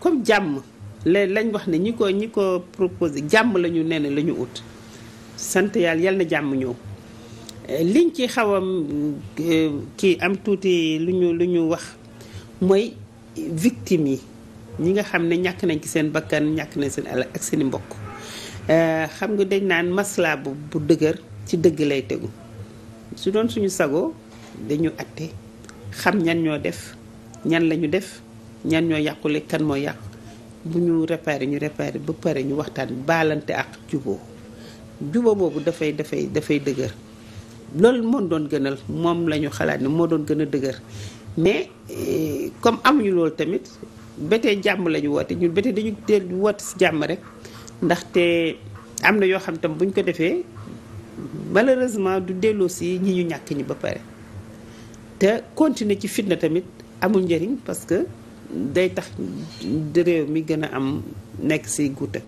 comme jàmm la lañ wax ne ñi ko ñi ko proposé jàmm lañu ñu nee ne la ñu ut sant yàlla yal jàmm ñëw liñ ci xaw a eh, kii am tuuti lu ñu lu ñu wax mooy victim yi ñi nga xam ne ñàkk nañ ci seen bakkan ñàkk nañ seen alal ak seeni i mbokk eh, xam nga dañ naan maslaa bu bu dëgër ci dëgg lay tegu su doon suñu sago dañu atte xam ñan ñoo def ñan lañu def ñaan ñoo yàqule kan moo yàq bu ñu réparé ñu réparé ba pare ñu waxtaan baalante ak juboo juboo boobu dafay dafay dafay dëgër loolu moo doon gënal moom la ñu xalaat ne moo doon gën a dëgër mais eh, comme amuñu loolu tamit betee jàmm la ñu woote ñun betee dañu teel si jàmm rek ndaxte am na yoo xam tam buñ ko defee malheureusement du delloo si ñi ñu ñàkk ñi ba pare te continuer ci fitna tamit amul njëriñ parce day tax réew mi gën a am nekk si guute